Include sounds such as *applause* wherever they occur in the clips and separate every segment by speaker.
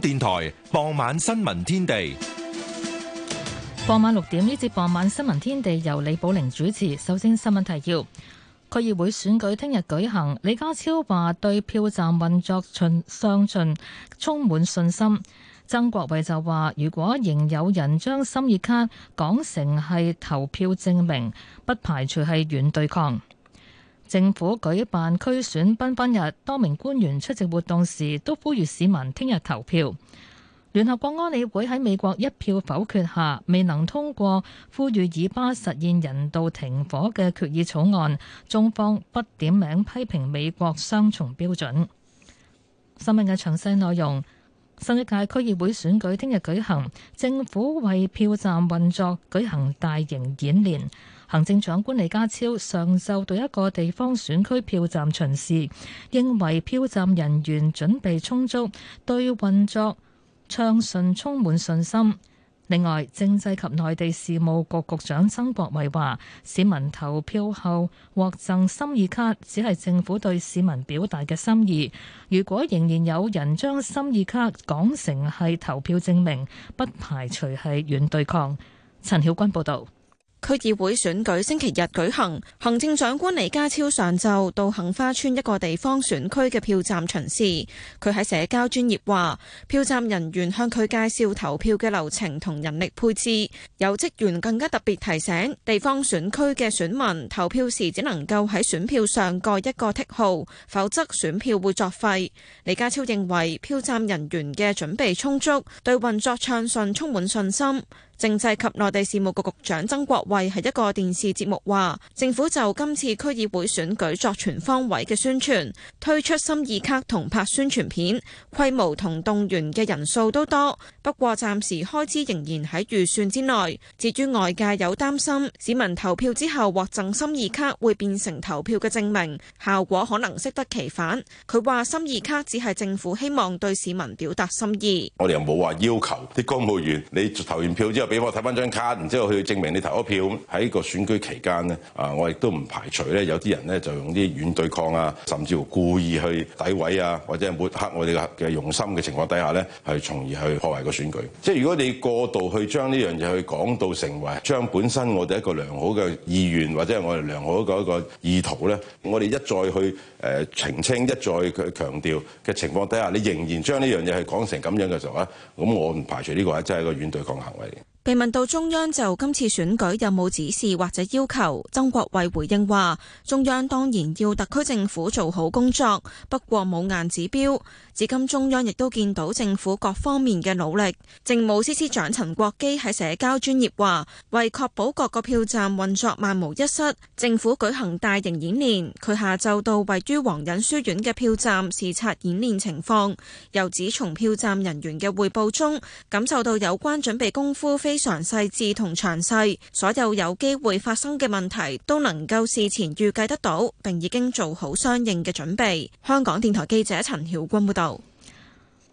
Speaker 1: 電台傍晚新聞天地，
Speaker 2: 傍晚六點呢節傍晚新聞天地由李寶玲主持。首先，新聞提要：區議會選舉聽日舉行。李家超話對票站運作進上進充滿信心。曾國衛就話，如果仍有人將心意卡講成係投票證明，不排除係軟對抗。政府舉辦區選繽紛日，多名官員出席活動時都呼籲市民聽日投票。聯合國安理會喺美國一票否決下，未能通過呼籲以巴實現人道停火嘅決議草案，中方不點名批評美國雙重標準。新聞嘅詳細內容：新一屆區議會選舉聽日舉行，政府為票站運作舉行大型演練。行政長官李家超上晝到一個地方選區票站巡視，認為票站人員準備充足，對運作暢順充滿信心。另外，政制及內地事務局局長曾國衛話：市民投票後獲贈心意卡，只係政府對市民表達嘅心意。如果仍然有人將心意卡講成係投票證明，不排除係軟對抗。陳曉君報導。
Speaker 3: 區議會選舉星期日舉行，行政長官李家超上晝到杏花村一個地方選區嘅票站巡視。佢喺社交專業話，票站人員向佢介紹投票嘅流程同人力配置，有職員更加特別提醒地方選區嘅選民投票時只能夠喺選票上蓋一個剔號，否則選票會作廢。李家超認為票站人員嘅準備充足，對運作暢順充滿信心。政制及內地事務局局長曾國衛喺一個電視節目話，政府就今次區議會選舉作全方位嘅宣傳，推出心意卡同拍宣傳片，規模同動員嘅人數都多。不過暫時開支仍然喺預算之內。至於外界有擔心市民投票之後獲贈心意卡會變成投票嘅證明，效果可能適得其反。佢話：心意卡只係政府希望對市民表達心意。
Speaker 1: 我哋又冇話要求啲公務員，你投完票之後，俾我睇翻張卡，然之後去證明你投咗票喺個選舉期間咧，啊，我亦都唔排除咧有啲人咧就用啲軟對抗啊，甚至乎故意去詆毀啊，或者係抹黑我哋嘅用心嘅情況底下咧，係從而去破壞個選舉。即係如果你過度去將呢樣嘢去講到成為將本身我哋一個良好嘅意願，或者係我哋良好嘅一個意圖咧，我哋一再去誒澄清，一再去強調嘅情況底下，你仍然將呢樣嘢去講成咁樣嘅時候咧，咁我唔排除呢、呢個咧真係一個軟對抗行為。
Speaker 3: 被問到中央就今次選舉有冇指示或者要求，曾國衛回應話：中央當然要特區政府做好工作，不過冇硬指標。至今中央亦都見到政府各方面嘅努力。政務司司長陳國基喺社交專頁話：為確保各個票站運作萬無一失，政府舉行大型演練。佢下晝到位於黃仁書院嘅票站視察演練情況，又指從票站人員嘅匯報中感受到有關準備功夫非非常細緻同詳細，所有有機會發生嘅問題都能夠事前預計得到，並已經做好相應嘅準備。香港電台記者陳曉君報道。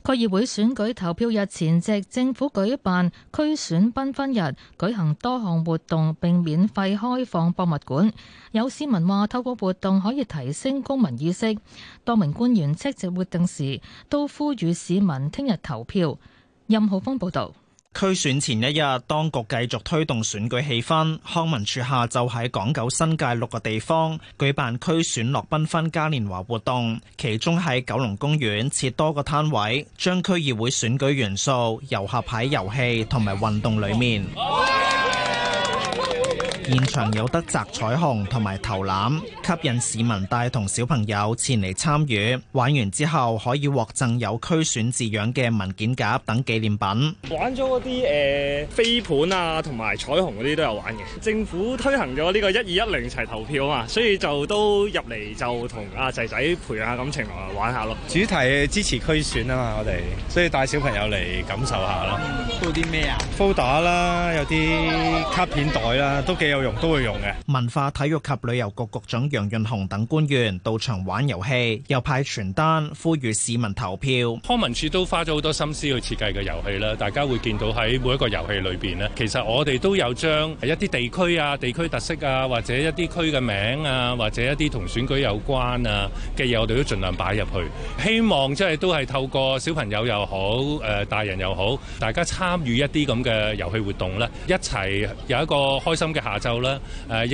Speaker 3: 區議會選舉投票日前夕，政府舉
Speaker 2: 辦區選繽紛日，舉行多項活動，並免費開放博物館。有市民話，透過活動可以提升公民意識。多名官員出席活動時都呼籲市民聽日投票。任浩峰報道。
Speaker 4: 區選前一日，當局繼續推動選舉氣氛。康文署下晝喺港九新界六個地方舉辦區選樂繽紛嘉年華活動，其中喺九龍公園設多個攤位，將區議會選舉元素糅合喺遊戲同埋運動裏面。現場有得摘彩虹同埋投籃，吸引市民帶同小朋友前嚟參與。玩完之後可以獲贈有區選字樣嘅文件夾等紀念品。
Speaker 5: 玩咗嗰啲誒飛盤啊，同埋彩虹嗰啲都有玩嘅。政府推行咗呢個1210
Speaker 1: 齊投票啊嘛，所以就都入嚟就同阿仔仔培養下感情同埋玩下咯。
Speaker 4: 主題支持區選啊嘛，我哋所以帶小朋友嚟感受下咯。都啲咩啊？撲打啦，有啲卡片袋啦，都幾～有用都會用嘅。文化、體育及旅遊局局長楊潤雄等官員到場玩遊戲，又派傳單，呼籲市民投
Speaker 1: 票。康文署都花咗好多心思去設計嘅遊戲啦。大家會見到喺每一個遊戲裏邊咧，其實我哋都有將一啲地區啊、地區特色啊，或者一啲區嘅名啊，或者一啲同選舉有關啊嘅嘢，我哋都盡量擺入去。希望即係都係透過小朋友又好，誒大人又好，大家參與一啲咁嘅遊戲活動啦，一齊有一個開心嘅下。就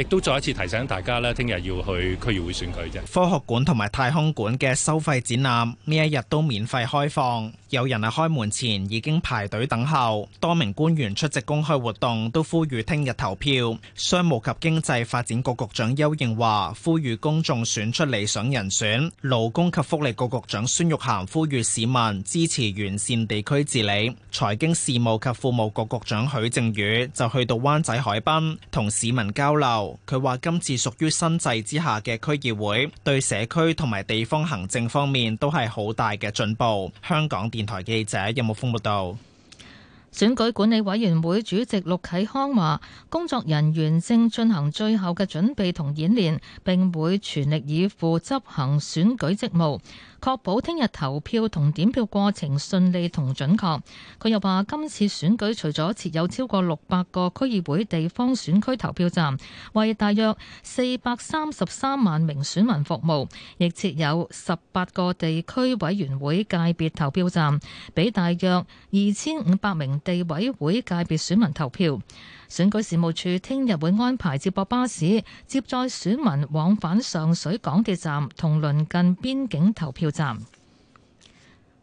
Speaker 1: 亦都再一次提醒大家咧，聽日要去區議會選舉。
Speaker 4: 科學館同埋太空館嘅收費展覽呢一日都免費開放，有人喺開門前已經排隊等候。多名官員出席公開活動，都呼籲聽日投票。商務及經濟發展局局長邱應華呼籲公眾選出理想人選。勞工及福利局局長孫玉菡呼籲市民支持完善地區治理。財經事務及庫務局局長許正宇就去到灣仔海濱同時市民交流，佢話今次屬於新制之下嘅區議會對社區同埋地方行政方面都係好大嘅進步。香港電台記者任木峰報道。選舉
Speaker 2: 管理委員會主席陸啟康話工作人員正進行最後嘅準備同演練，並會全力以赴執行選舉職務，確保聽日投票同點票過程順利同準確。佢又話：今次選舉除咗設有超過六百個區議會地方選區投票站，為大約四百三十三萬名選民服務，亦設有十八個地區委員會界別投票站，畀大約二千五百名地委會界別選民投票。選舉事務處聽日會安排接駁巴士接載選民往返上水港鐵站同鄰近邊境投票站。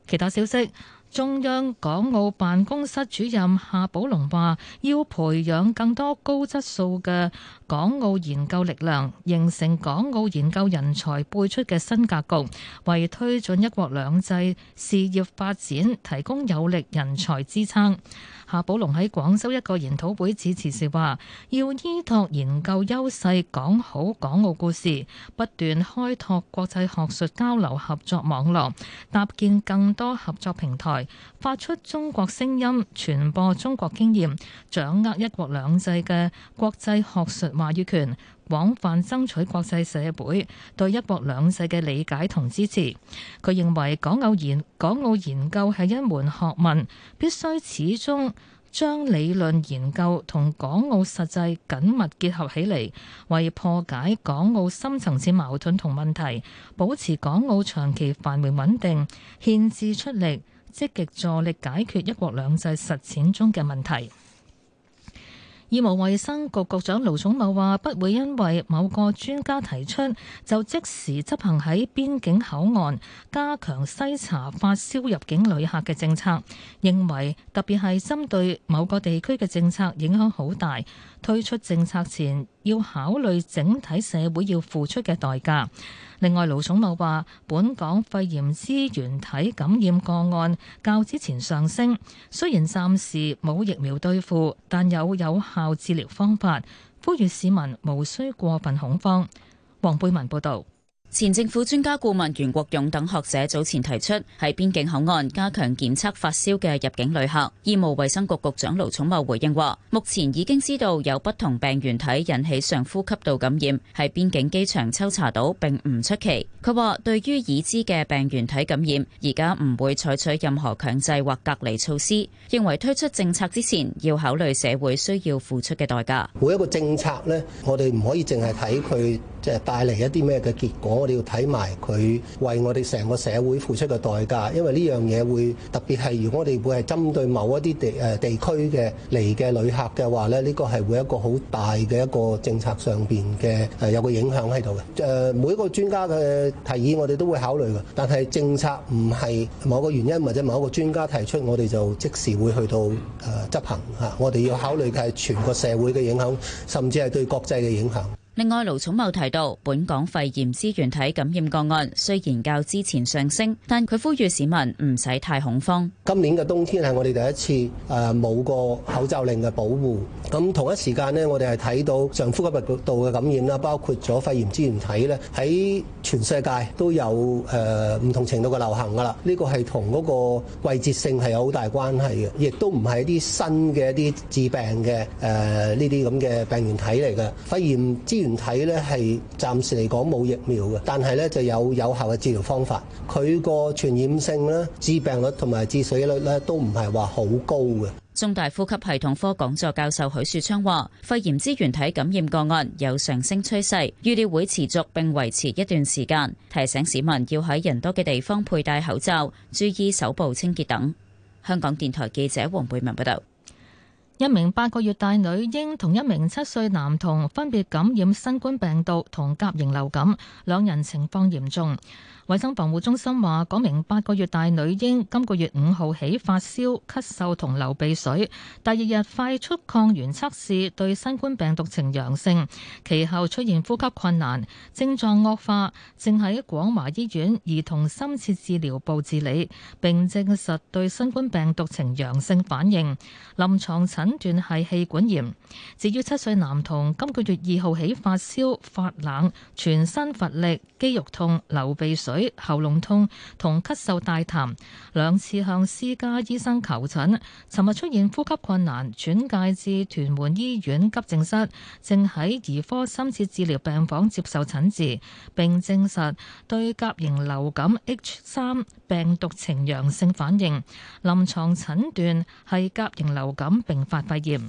Speaker 2: 其他消息，中央港澳辦公室主任夏寶龍話：要培養更多高質素嘅港澳研究力量，形成港澳研究人才輩出嘅新格局，為推進一國兩制事業發展提供有力人才支撐。夏寶龍喺廣州一個研討會致辭時話，要依託研究優勢，講好港澳故事，不斷開拓國際學術交流合作網絡，搭建更多合作平台，發出中國聲音，傳播中國經驗，掌握一國兩制嘅國際學術話語權。廣泛爭取國際社會對一國兩制嘅理解同支持。佢認為港澳研港澳研究係一門學問，必須始終將理論研究同港澳實際緊密結合起嚟，為破解港澳深層次矛盾同問題，保持港澳長期繁榮穩定，獻智出力，積極助力解決一國兩制實踐中嘅問題。醫務衛生局局長盧寵茂話，不會因為某個專家提出，就即時執行喺邊境口岸加強篩查發燒入境旅客嘅政策。認為特別係針對某個地區嘅政策影響好大，推出政策前要考慮整體社會要付出嘅代價。另外，盧寵茂話本港肺炎支原體感染個案較之前上升，雖然暫時冇疫苗對付，但有有效治療方法，呼籲市民無需過分恐慌。黃貝文報道。
Speaker 6: 前政府專家顧問袁國勇等學者早前提出，喺邊境口岸加強檢測發燒嘅入境旅客。醫務衛生局局長盧寵茂回應話：目前已經知道有不同病原體引起上呼吸道感染，喺邊境機場抽查到，並唔出奇。佢話對於已知嘅病原體感染，而家唔會採取任何強制或隔離措施，認為推出政策之前要考慮社會需要付出嘅代價。
Speaker 7: 每一個政策咧，我哋唔可以淨係睇佢，誒帶嚟一啲咩嘅結果，我哋要睇埋佢為我哋成個社會付出嘅代價，因為呢樣嘢會特別係如果我哋會係針對某一啲地誒、呃、地區嘅嚟嘅旅客嘅話咧，呢個係會一個好大嘅一個政策上邊嘅誒有個影響喺度嘅。誒、呃、每一個專家嘅提議，我哋都會考慮嘅。但係政策唔係某個原因或者某一個專家提出，我哋就即時會去到誒、呃、執行嚇、啊。我哋要考慮嘅係全個社會嘅影響，甚至係對國際嘅影響。
Speaker 6: 另外，盧寵茂提到，本港肺炎支原體感染個案雖然較之前上升，但佢呼籲市民唔使太恐慌。
Speaker 7: 今年嘅冬天係我哋第一次誒冇個口罩令嘅保護，咁同一時間咧，我哋係睇到上呼吸道嘅感染啦，包括咗肺炎支原體咧，喺全世界都有誒唔同程度嘅流行噶啦。呢個係同嗰個季節性係有好大關係嘅，亦都唔係一啲新嘅一啲致病嘅誒呢啲咁嘅病原體嚟嘅肺炎支體咧係暫時嚟講冇疫苗嘅，但係咧就有有效嘅治療方法。佢個傳染性咧、致病率同埋致死率咧都唔係話好高嘅。
Speaker 6: 中大呼吸系統科講座教授許樹昌話：肺炎支原體感染個案有上升趨勢，預料會持續並維持一段時間。提醒市民要喺人多嘅地方佩戴口罩，注意手部清潔等。香港電台記者黃貝文報道。
Speaker 2: 一名八個月大女嬰同一名七歲男童分別感染新冠病毒同甲型流感，兩人情況嚴重。衛生防護中心話，該名八個月大女嬰今個月五號起發燒、咳嗽同流鼻水，第二日快速抗原測試對新冠病毒呈陽性，其後出現呼吸困難、症狀惡化，正喺廣華醫院兒童深切治療部治理，並證實對新冠病毒呈陽性反應，臨床診斷係氣管炎。至於七歲男童，今個月二號起發燒、發冷、全身乏力、肌肉痛、流鼻水。喉嚨痛同咳嗽、帶痰，兩次向私家醫生求診。尋日出現呼吸困難，轉介至屯門醫院急症室，正喺兒科深切治療病房接受診治，並證實對甲型流感 H 三病毒呈陽性反應，臨牀診斷係甲型流感並發肺炎。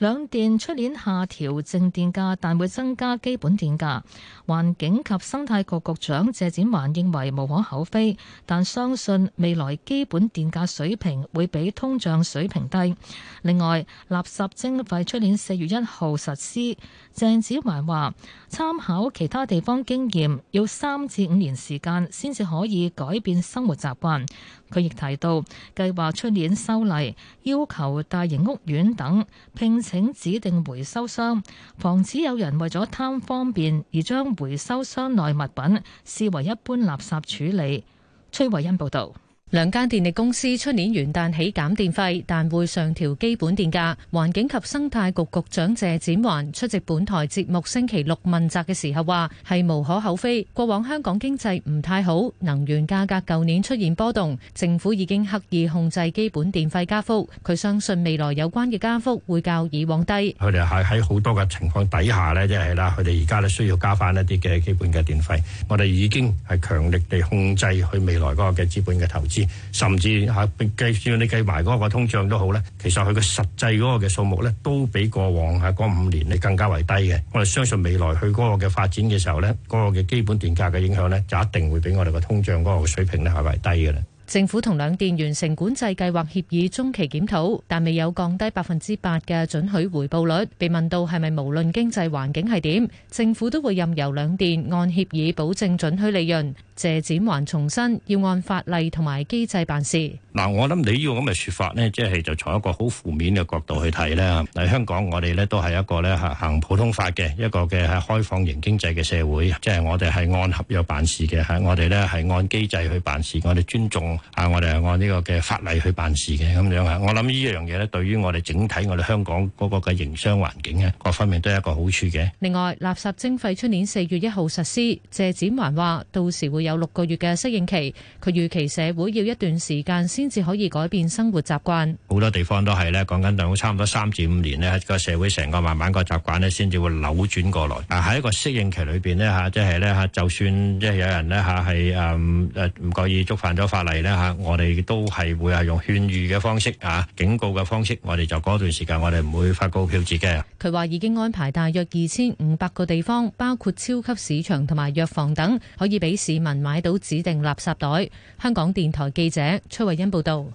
Speaker 2: 兩電出年下調淨電價，但會增加基本電價。環境及生態局局長謝展寰認為無可厚非，但相信未來基本電價水平會比通脹水平低。另外，垃圾徵費出年四月一號實施。謝展寰話：參考其他地方經驗，要三至五年時間先至可以改變生活習慣。佢亦提到，計劃出年修例，要求大型屋苑等聘請指定回收商，防止有人為咗貪方便而將回收箱內物品視為一般垃圾處理。
Speaker 8: 崔慧恩報導。兩間電力公司出年元旦起減電費，但會上調基本電價。環境及生態局局長謝展寰出席本台節目星期六問責嘅時候話：係無可厚非。過往香港經濟唔太好，能源價格舊年出現波動，政府已經刻意控制基本電費加幅。佢相信未來有關嘅加幅會較以往低。
Speaker 1: 佢哋喺喺好多嘅情況底下咧，即係啦，佢哋而家咧需要加翻一啲嘅基本嘅電費。我哋已經係強力地控制佢未來嗰個嘅資本嘅投資。甚至係計算你計埋嗰個通脹都好呢，其實佢個實際嗰個嘅數目呢，都比過往嚇嗰五年係更加為低嘅。我哋相信未來佢嗰個嘅發展嘅時候呢，嗰個嘅基本電價嘅影響呢，就一定會比我哋個通脹嗰個水平呢係為低嘅啦。
Speaker 8: 政府同兩電完成管制計劃協議中期檢討，但未有降低百分之八嘅準許回報率。被問到係咪無論經濟環境係點，政府都會任由兩電按協議保證準許利潤？謝展環重申要按法例同埋機制辦事。
Speaker 1: 嗱，我諗你呢個咁嘅說法呢，即係就從一個好負面嘅角度去睇啦。喺香港，我哋呢都係一個咧行普通法嘅一個嘅開放型經濟嘅社會，即係我哋係按合約辦事嘅，係我哋咧係按機制去辦事，我哋尊重啊，我哋係按呢個嘅法例去辦事嘅咁樣啊。我諗呢樣嘢呢對於我哋整體我哋香港嗰個嘅營商環境啊，各方面都係一個好處嘅。
Speaker 8: 另外，垃圾徵費出年四月一號實施，謝展環話到時會有六個月嘅適應期，佢預期社會要一段時間先至可以改變生活習慣。
Speaker 1: 好多地方都係咧，講緊等差唔多三至五年呢個社會成個慢慢個習慣咧，先至會扭轉過來。啊，喺一個適應期裏邊呢嚇，即係咧嚇，就算即係有人咧嚇係誒誒唔覺意觸犯咗法例咧嚇，我哋都係會係用勸喻嘅方式啊，警告嘅方式，我哋就嗰段時間，我哋唔會發告票自己。
Speaker 8: 佢話已經安排大約二千五百個地方，包括超級市場同埋藥房等，可以俾市民。買到指定垃圾袋。香港電台記者崔慧欣報道。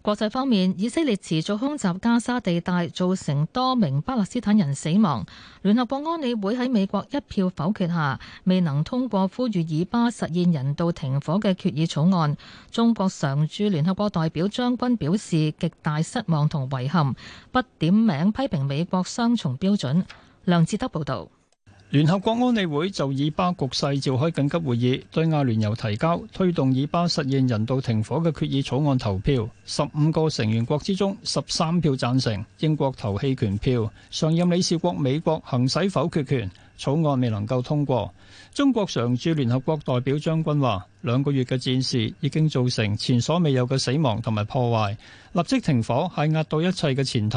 Speaker 8: 國際方面，以色列持續
Speaker 2: 空襲加沙地帶，造成多名巴勒斯坦人死亡。聯合國安理會喺美國一票否決下，未能通過呼籲以巴實現人道停火嘅決議草案。中國常駐聯合國代表張軍表示極大失望同遺憾，不點名批評美國雙重標準。梁志德報道。
Speaker 5: 聯合國安理會就以巴局勢召開緊急會議，對阿聯酋提交推動以巴實現人道停火嘅決議草案投票。十五個成員國之中，十三票贊成，英國投棄權票，常任理事國美國行使否決權，草案未能夠通過。中國常駐聯合國代表張軍話：兩個月嘅戰事已經造成前所未有嘅死亡同埋破壞，立即停火係壓倒一切嘅前提。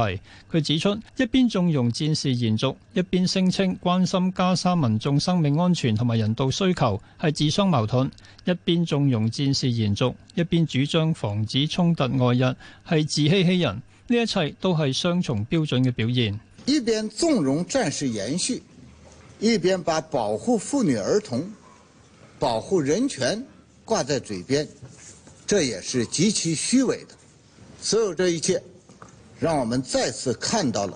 Speaker 5: 佢指出，一邊縱容戰事延續，一邊聲稱關心加沙民眾生命安全同埋人道需求，係自相矛盾；一邊縱容戰事延續，一邊主張防止衝突外溢，係自欺欺人。呢一切都係雙重標準嘅表現。
Speaker 9: 一邊縱容戰事延續。一邊把保護婦女兒童、保護人權掛在嘴邊，這也是極其虛偽的。所有這一切，讓我們再次看到了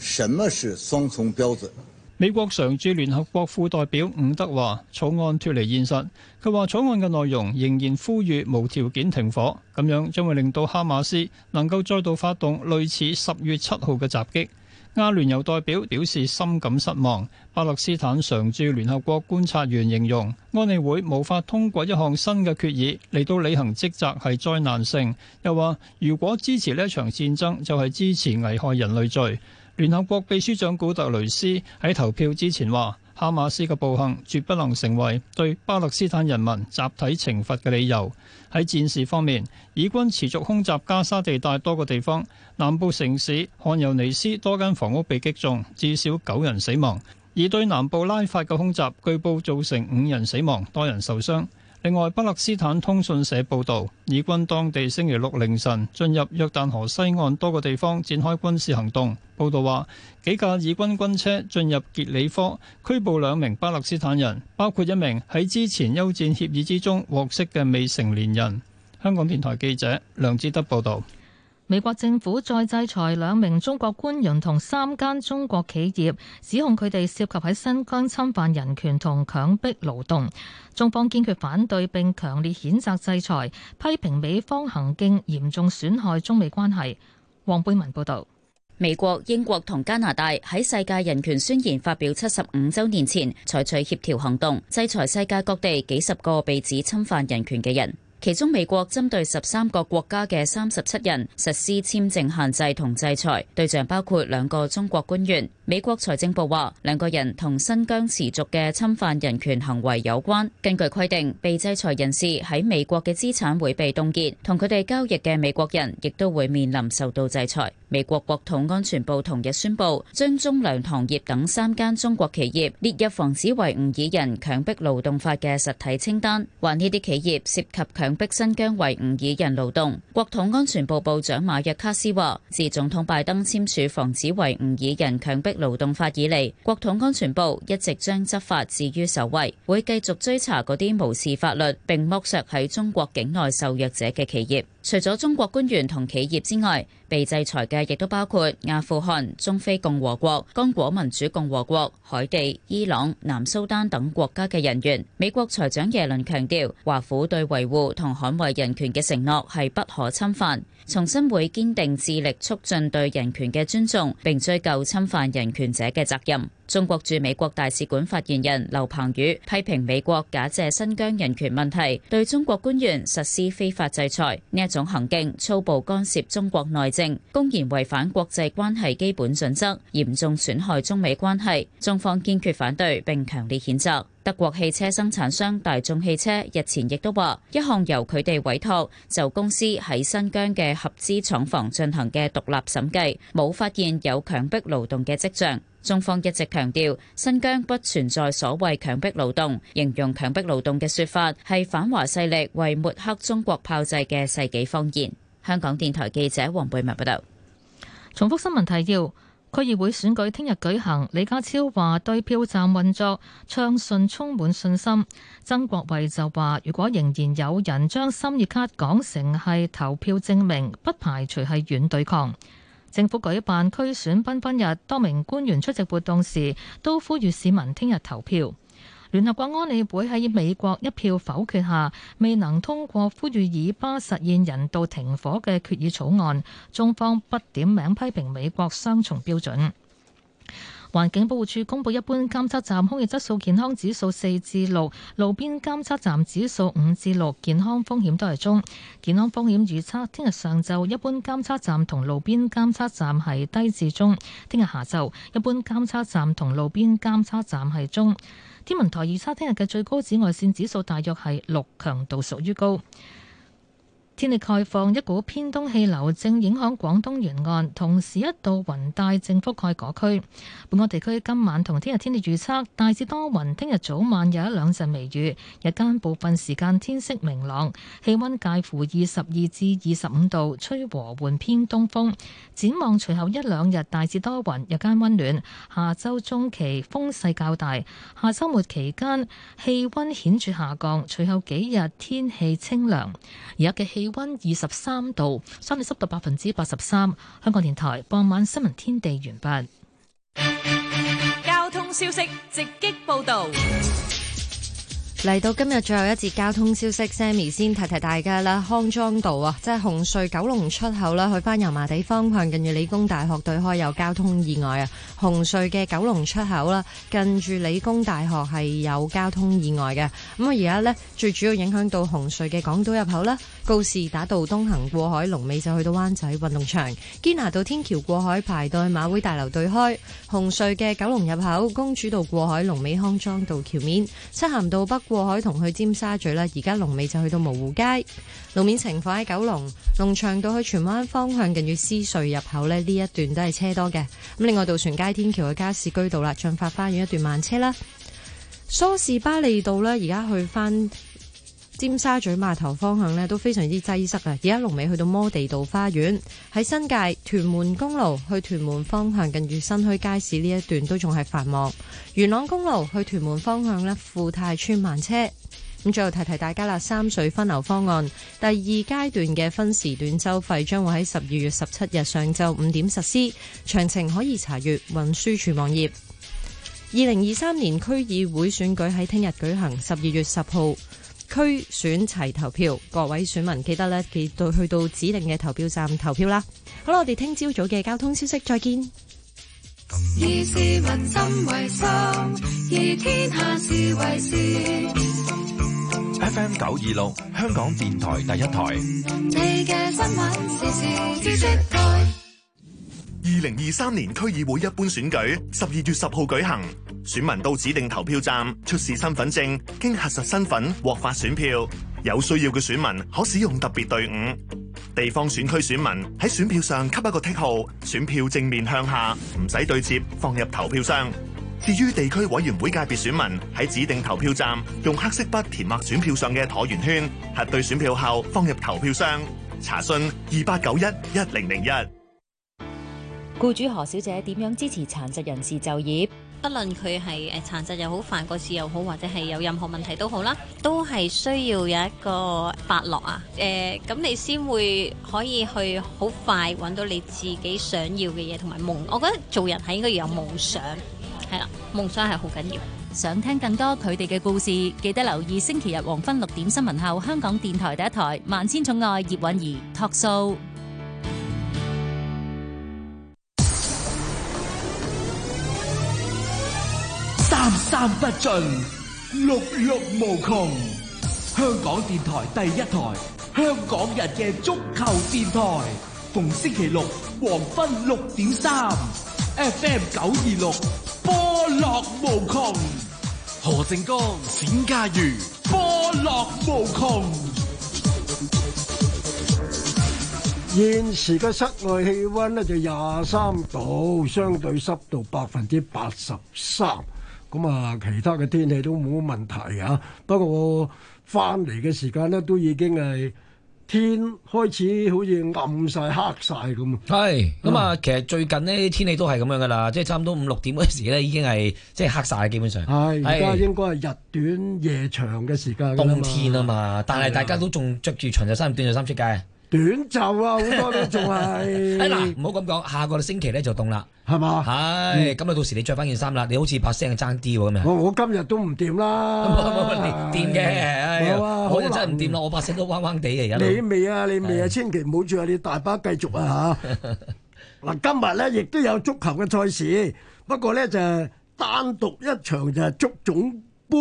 Speaker 9: 什麼是雙重標準。美國常
Speaker 5: 駐聯合國副代表伍德話：草案脱離現實。佢話草案嘅內容仍然呼籲無條件停火，咁樣將會令到哈馬斯能夠再度發動類似十月七號嘅襲擊。阿聯酋代表表示深感失望。巴勒斯坦常駐聯合國觀察員形容安理會無法通過一項新嘅決議嚟到履行職責係災難性。又話如果支持呢一場戰爭就係支持危害人類罪。聯合國秘書長古特雷斯喺投票之前話。哈馬斯嘅暴行絕不能成為對巴勒斯坦人民集體懲罰嘅理由。喺戰事方面，以軍持續空襲加沙地帶多個地方，南部城市汗尤尼斯多間房屋被擊中，至少九人死亡；而對南部拉法嘅空襲，據報造成五人死亡，多人受傷。另外，巴勒斯坦通訊社報道，以軍當地星期六凌晨進入約旦河西岸多個地方展開軍事行動。報導話，幾架以軍軍車進入傑里科，拘捕兩名巴勒斯坦人，包括一名喺之前休戰協議之中獲釋嘅未成年人。香港電台記者梁志德報導。
Speaker 2: 美國政府再制裁兩名中國官員同三間中國企業，指控佢哋涉及喺新疆侵犯人權同強迫勞動。中方堅決反對並強烈譴責制裁，批評美方行徑嚴重損害中美關係。黃貝文
Speaker 6: 報道：美國、英國同加拿大喺世界人權宣言發表七十五周年前採取協調行動，制裁世界各地幾十個被指侵犯人權嘅人。其中，美國針對十三個國家嘅三十七人實施簽證限制同制裁，對象包括兩個中國官員。美國財政部話兩個人同新疆持續嘅侵犯人權行為有關。根據規定，被制裁人士喺美國嘅資產會被凍結，同佢哋交易嘅美國人亦都會面臨受到制裁。美國國土安全部同日宣布，將中糧糖業等三間中國企業列入防止維吾爾人強迫勞動法嘅實體清單，話呢啲企業涉及強迫新疆維吾爾人勞動。國土安全部部，部長馬約卡斯話：自總統拜登簽署防止維吾爾人強迫，勞動法以來，國土安全部一直將執法置於首位，會繼續追查嗰啲無視法律並剝削喺中國境內受虐者嘅企業。除咗中國官員同企業之外，被制裁嘅亦都包括阿富汗、中非共和國、剛果民主共和國、海地、伊朗、南蘇丹等國家嘅人員。美國財長耶倫強調，華府對維護同捍衞人權嘅承諾係不可侵犯。重新會堅定致力促進對人權嘅尊重，並追究侵犯人權者嘅責任。中國駐美國大使館發言人劉鵬宇批評美國假借新疆人權問題對中國官員實施非法制裁呢一種行徑，粗暴干涉中國內政，公然違反國際關係基本準則，嚴重損害中美關係。中方堅決反對，並強烈譴責。德國汽車生產商大眾汽車日前亦都話，一項由佢哋委託就公司喺新疆嘅合資廠房進行嘅獨立審計，冇發現有強迫勞動嘅跡象。中方一直強調，新疆不存在所謂強迫勞動，形容強迫勞動嘅說法係反華勢力為抹黑中國炮製嘅世紀謊言。香港電台記者黃貝文報道。重複新聞提要：區議會選舉聽日舉行，李家超話對票站
Speaker 2: 運作暢順充滿信心。曾國衞就話，如果仍然有人將心意卡講成係投票證明，不排除係軟對抗。政府舉辦區選繽紛日，多名官員出席活動時都呼籲市民聽日投票。聯合國安理會喺美國一票否決下，未能通過呼籲以巴實現人道停火嘅決議草案，中方不點名批評美國雙重標準。環境保護署公布，一般監測站空氣質素健康指數四至六，路邊監測站指數五至六，健康風險都係中。健康風險預測，聽日上晝一般監測站同路邊監測站係低至中，聽日下晝一般監測站同路邊監測站係中。天文台預測，聽日嘅最高紫外綫指數大約係六，強度屬於高。天氣概況，一股偏東氣流正影響廣東沿岸，同時一道雲帶正覆蓋嗰區。本澳地區今晚同聽日天氣預測大致多雲，聽日早晚有一兩陣微雨，日間部分時間天色明朗，氣温介乎二十二至二十五度，吹和緩偏東風。展望隨後一兩日大致多雲，日間温暖。下周中期風勢較大，下週末期間氣温顯著下降，隨後幾日天氣清涼。而家嘅氣。氣溫二十三度，相對濕度百分之八十三。香港電台傍晚新聞天地完畢。
Speaker 8: 交通消息直擊報道。
Speaker 10: 嚟到今日最後一節交通消息，Sammy 先提提大家啦。康莊道啊，即係紅隧九龍出口啦，去翻油麻地方向，近住理工大學對開有交通意外啊。紅隧嘅九龍出口啦，近住理工大學係有交通意外嘅。咁啊，而家呢，最主要影響到紅隧嘅港島入口啦。告士打道東行過海，龍尾就去到灣仔運動場。堅拿道天橋過海，排到馬會大樓對開。紅隧嘅九龍入口，公主道過海，龍尾康莊道橋面。漆咸道北過海同去尖沙咀啦，而家龍尾就去到蕪湖街。路面情況喺九龍龍翔道去荃灣方向，近住獅隧入口呢，呢一段都係車多嘅。咁另外渡船街天橋嘅加士居道啦，駿發花園一段慢車啦。梳士巴利道呢，而家去返，尖沙咀碼頭方向呢都非常之擠塞啊！而家龍尾去到摩地道花園。喺新界屯門公路去屯門方向近住新墟街市呢一段都仲係繁忙。元朗公路去屯門方向呢，富泰村慢車。咁最後提提大家啦，三水分流方案第二階段嘅分時段收費將會喺十二月十七日上晝五點實施，詳情可以查閱運輸處網頁。二零二三年區議會選舉喺聽日舉行，十二月十號。區選齊投票，各位選民記得咧，記到去到指定嘅投票站投票啦。好啦，我哋聽朝早嘅交通消息，再見。
Speaker 2: 以市民心為心，以天下事
Speaker 10: 為事。FM 九二六，香港
Speaker 4: 電台第一台。
Speaker 8: *noise* 你嘅新聞，時時資訊台。
Speaker 4: 二零二三年區議會一般選舉，十二月十號舉行。選民到指定投票站出示身份證，經核實身份獲發選票。有需要嘅選民可使用特別隊伍。地方選區選民喺選票上給一個剔號，選票正面向下，唔使對接，放入投票箱。至於地區委員會界別選民喺指定投票站用黑色筆填畫選票上嘅橢圓圈，核對選票後放入投票箱。查詢二八九一一零零一。
Speaker 6: 雇主何小姐點樣支持殘疾人士就業？
Speaker 10: 不論佢係誒殘疾又好，犯過事又好，或者係有任何問題都好啦，都係需要有一個伯樂啊！誒、呃，咁你先會可以去好快揾到你自己想
Speaker 8: 要嘅嘢同埋夢。我覺得做人係應該要有夢想，係啦，夢想係好緊要。想聽更多佢哋嘅故事，記得留意星期日黃昏六點新聞後，香港電台第一台《萬千寵愛葉蘊儀》Talk Show。
Speaker 9: 三不盡，六欲無窮。香港電台第一台，香港人嘅足球電台，逢星期六黃昏六點三，FM 九二六波樂無窮。何靖江、冼家瑜，波樂無窮。現時嘅室外氣温呢，就廿三度，相對濕度百分之八十三。咁啊，其他嘅天氣都冇問題啊。不過我翻嚟嘅時間咧，都已經係天開始好似暗晒、黑晒咁。係咁啊，其實最近咧天氣都係咁樣噶啦，即係差唔多五六點嗰時咧，已經係即係黑晒。基本上。係而家應該係日短夜長嘅時間。冬天啊嘛，的但係大家都仲着住長袖衫、短袖衫出街。短袖啊，好多都仲係。哎嗱， *laughs* *laughs* 唔好咁講，下個星期咧就凍啦，係嘛吧？係、哎，咁啊，到時你着翻件衫啦，你好似把聲爭啲喎咁啊！我今日都唔掂啦，
Speaker 8: 掂嘅、啊，我真係唔掂啦，我把聲都彎彎地嚟。你未
Speaker 9: 啊？你未啊？是千祈唔好住著你大把繼續啊嚇！嗱， *laughs* *laughs* 今日咧亦都有足球嘅賽事，不過咧就係、單獨一場就係足總杯。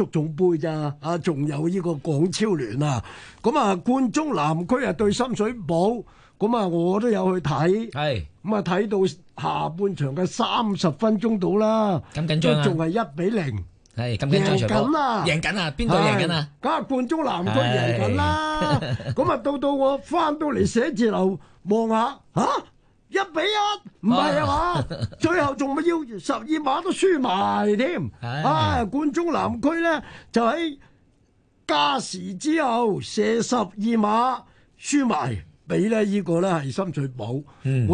Speaker 9: 足總杯咋？啊，仲有呢個港超聯啊！咁啊，冠忠南區啊對深水埗，咁啊，我都有去睇，咁啊，睇到下半場嘅三十分鐘到啦，咁緊張啊，仲係一比零，係咁緊張場波，贏緊啊，贏緊啊，邊隊贏緊啊？梗係冠忠南區贏緊啦！咁啊，到到我翻到嚟寫字樓望下，嚇！一比一，唔係啊嘛？ *laughs* 最後仲咪要十二碼都輸埋添， *laughs* 啊冠忠南區咧就喺加時之後
Speaker 8: 射十二碼輸埋，俾咧呢、這個咧係深水埗。嗯